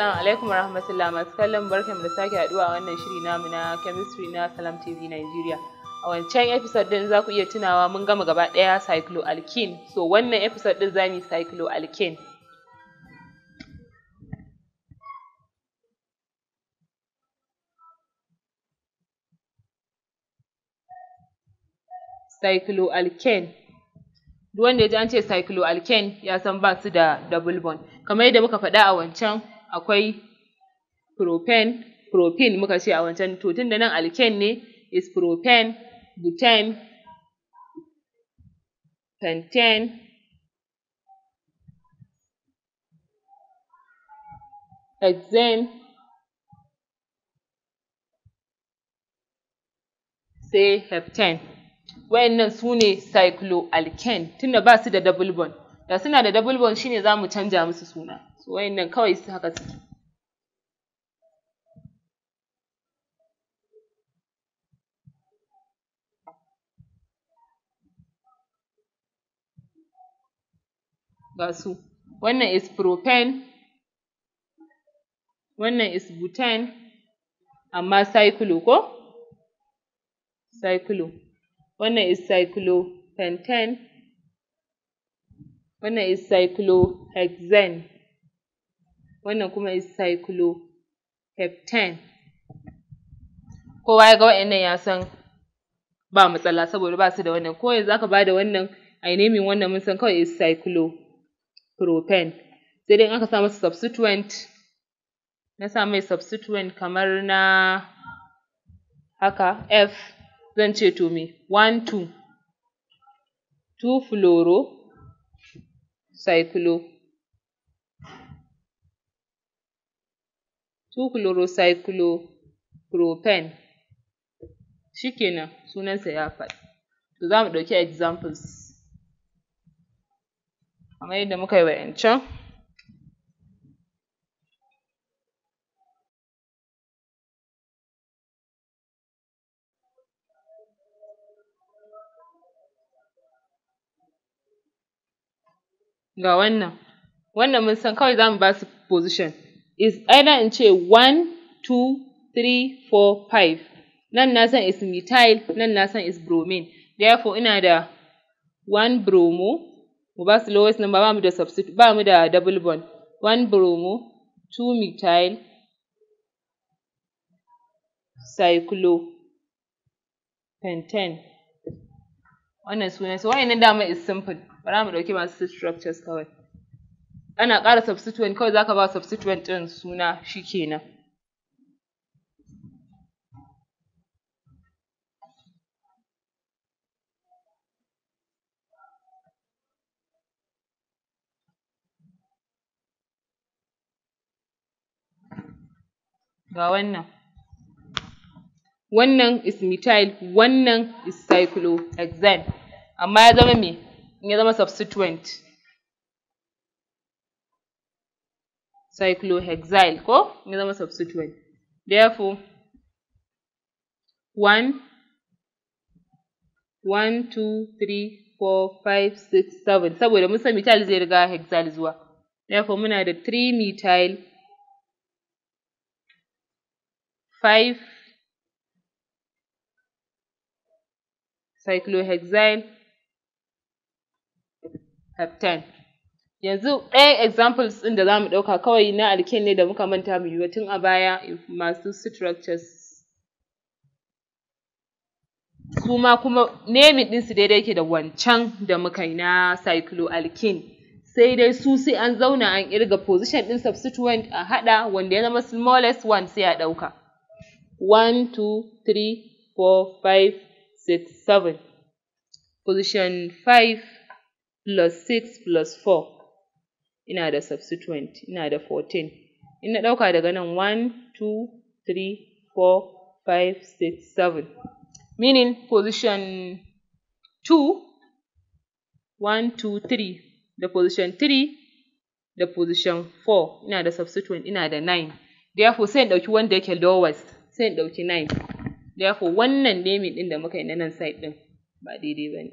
Assalamu alaikum wa rahmatullah masu kallon barkan da sake haduwa a wannan shiri namu na chemistry na Salam TV Nigeria. A wancan episode din za ku iya tunawa mun gama gaba daya cycloalkene. So wannan episode din za mu cycloalkene. Cycloalkene. duk wanda ya ji an ce cycloalkene ya san ba su da double bond kamar yadda muka faɗa a wancan akwai propen, propene muka ce a wancan to tunda nan alkene ne is propen, buten, penten, hexane, sai heptane. Wa'yannan su ne cycloalkane tunda ba su da double bond. da suna da double bond shine za mu canja musu suna so wayannan kawai su haka suke ga su wannan is propane wannan is butane amma cyclo ko cyclo wannan is cyclopentane wannan is cyclohexane wannan kuma is cycloheptane kowa ya ga wa'annan ya san ba matsala saboda ba su da wannan ko yanzu aka da wannan ai naming wannan mun san kawai is cyclopropane sai dai in aka sa masa substituent na sa mai substituent kamar na haka F zan ce to me 1 2 2 fluoro cyclopropane shi kenan sa ya faɗi to zamu ɗauki examples kamar yadda muka yi wa'incan. ga wannan wannan mun san kawai za mu ba su position is either in ce 1 2 3 4 5 nan na san is methyl nan na san is bromine therefore ina da 1 bromo mu ba su lowest number ba mu da substitute ba mu da double bond 1 bromo 2 methyl pentane wannan sunan su wa'annan dama is simple bara mu ɗauki masu structures kawai ana ƙara substituent kawai zaka ba substituent ɗin suna shikenan ga wannan wannan is methyl wannan is cyclohexane amma ya zama me ya zama substituent cyclohexyl ko ya zama substituent therefore 1 one two three four five six seven saboda mun san methyl zai riga hexyl zuwa therefore muna da three methyl five cyclohexyl have yanzu ɗayan examples ɗin da za mu ɗauka kawai na alkene ne da muka manta mu yi tun a baya masu structures su ma kuma naming ɗinsu daidai yake da wancan da muka yi na cycloalkene sai dai su sai an zauna an ƙirga position ɗin substituent a haɗa wanda ya zama smallest one sai a ɗauka. One, two, three, four, five, six, seven. Position five plus 6 plus 4 ina da substituent, ina da 14 in na ɗauka daga nan 1 2 3 4 5 6 7 meaning position 2 1 2 3 da position 3 da position 4 ina da substituent, ina da 9 therefore sai in ɗauki wanda yake lowest sai in ɗauki 9 therefore wannan naming ɗin da muka yi na nan side ɗin ba daidai ba ne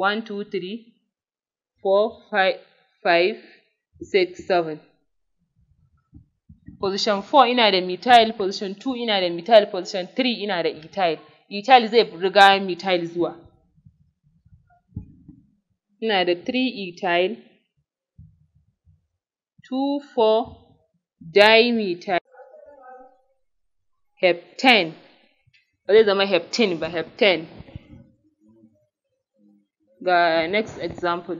one, two, three, four, five, five, six, seven. Position four ina da methyl, position two ina da methyl, position three ina da ethyl. Ethyl zai riga methyl zuwa. Ina da three ethyl, two, four, dimethyl, heptane. Ba zai zama heptane ba, heptane. ga next example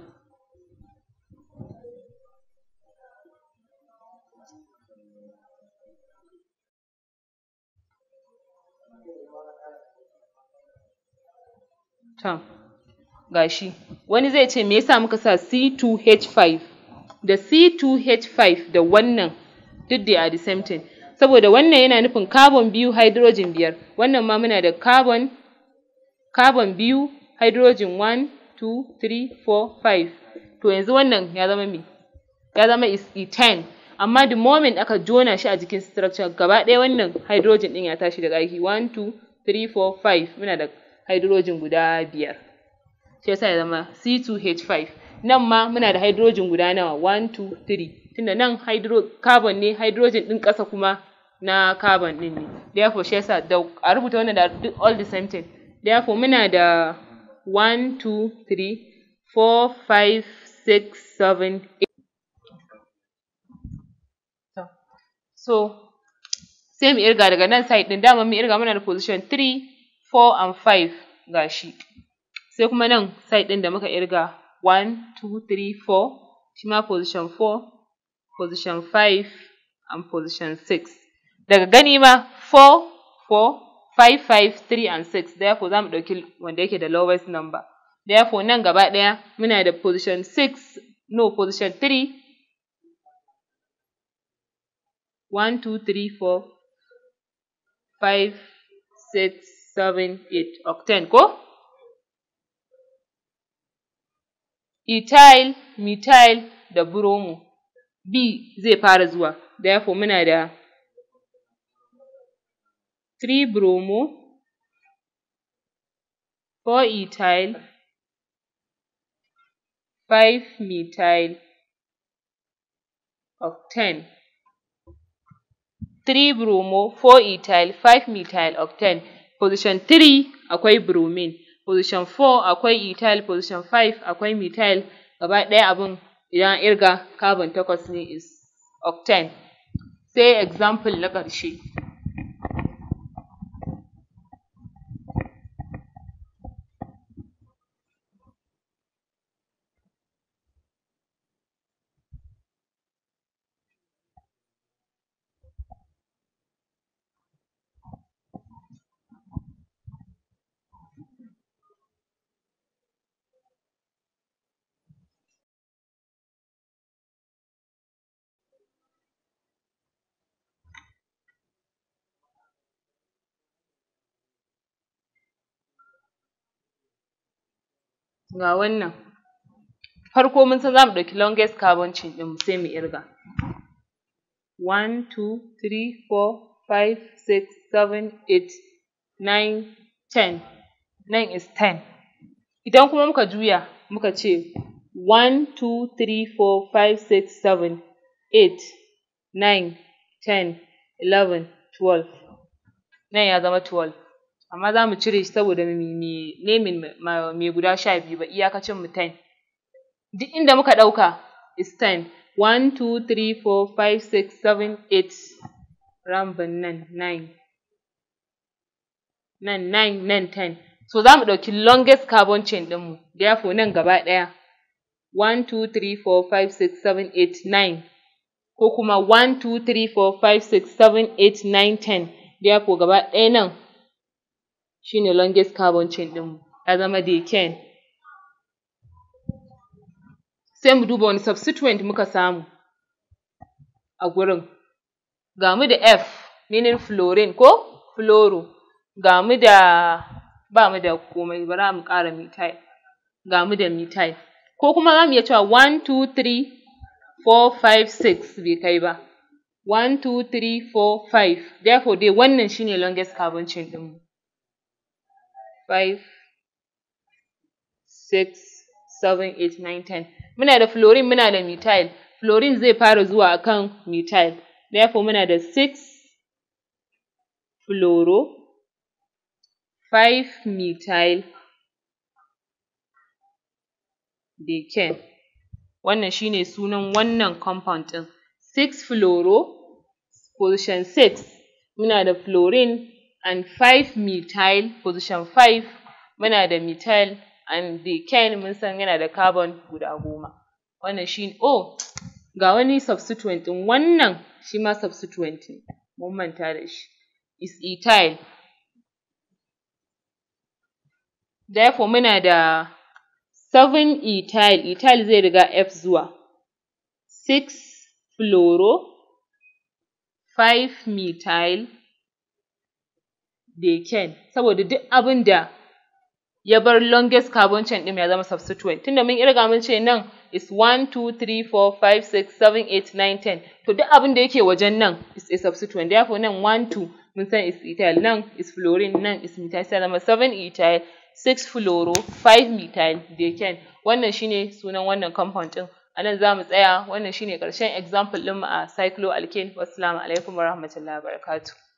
To, gashi wani zai ce me yasa muka sa C2H5 da C2H5 da wannan duk dai are the same thing. Saboda wannan yana nufin carbon biyu hydrogen biyar, wannan ma muna da carbon, carbon biyu hydrogen one two, three, four, five. To yanzu wannan ya zama me? Ya zama is ethane. Amma the moment aka jona shi a jikin structure gaba ɗaya wannan hydrogen ɗin ya tashi daga aiki one, two, three, four, five. Muna da hydrogen guda biyar. Shi yasa ya zama C2H5. Nan ma muna da hydrogen guda nawa one, two, three. Tunda nan hydro carbon ne hydrogen ɗin ƙasa kuma na carbon ɗin ne. Therefore shi yasa da a rubuta wannan da all the same thing. Therefore muna da one, two, three, four, five, six, seven, eight. So, sai mu irga daga nan side din dama mun irga muna da position 3, 4 and 5 gashi. Sai kuma nan side din da muka irga 1, 2, 3, 4 shi ma position 4, position 5 and position 6. Daga gani ma 4, 4, Five five three and six Therefore, za mu ɗauki wanda yake da lowest number. Therefore, nan gaba ɗaya muna da position 6, no position 3, 1, 2, 3, 4, 5, 6, 7, 8, octane ko? Ethyl, methyl da bromo. B zai fara zuwa, therefore muna da 3 bromo, 4 ethyl, 5 methyl ten. 3 bromo, 4 ethyl, 5 methyl octane. Position 3 akwai bromine, position 4 akwai ethyl, position 5 akwai methyl. Gaba ɗaya abin idan an ƙirga carbon takwas ne is octane. Sai example na ƙarshe. ga wannan farko mun san za mu ɗauki longest carbon chain ɗinmu sai mu ƙirga one two three four five six seven eight nine ten nan is ten idan kuma muka juya muka ce one two three four five six seven eight nine ten eleven twelve nan ya zama twelve amma za mu cire shi saboda nemin mai guda sha biyu ba iyakacin mu ten duk inda muka ɗauka is ten one two three four five six seven eight ramban nan nine nan nine nan ten so za mu ɗauki longest carbon chain ɗinmu therefore nan gaba ɗaya one two three four five six seven eight nine ko kuma one two three four five six seven eight nine ten therefore gaba ɗaya nan shi ne longest carbon chain mu? ya zama decane. Sai mu duba wani substituent muka samu a gurin. Ga mu da F meaning fluorine ko fluoro, ga mu da ba mu da komai ba za mu ƙara methyl, ga mu da methyl. Ko kuma za mu iya cewa one, two, three, four, five, six bai kai ba. One, two, three, four, five. Therefore dai wannan shi ne longest carbon chain mu. muna da fluorine muna da methyl fluorine zai fara zuwa akan methyl therefore muna da 6 fluoro 5 methyl decane wannan shine sunan wannan compound ɗin 6 fluoro position 6 muna da fluorine and five methyl position five, muna da methyl and decyl mun san yana da carbon guda goma wannan shi oh ga wani substituent ɗin wannan shi ma substituent ne mun manta da shi is ethyl therefore muna da seven ethyl ethyl zai riga F zuwa Six fluoro five methyl da Ken saboda duk abin da ya bar longest carbon chain ɗin ya zama substituent tunda mun kirga mun ce nan is 1 2 3 4 5 6 7 8 9 ten to duk abin da yake wajen nan is a substituent therefore nan 1 2 mun san is ethyl nan is fluorine nan is methyl sai zama 7 ethyl 6 fluoro 5 methyl decan wannan shine sunan wannan compound ɗin a nan za tsaya wannan shine karshen example ɗinmu a cycloalkane wassalamu alaikum warahmatullahi wabarakatuh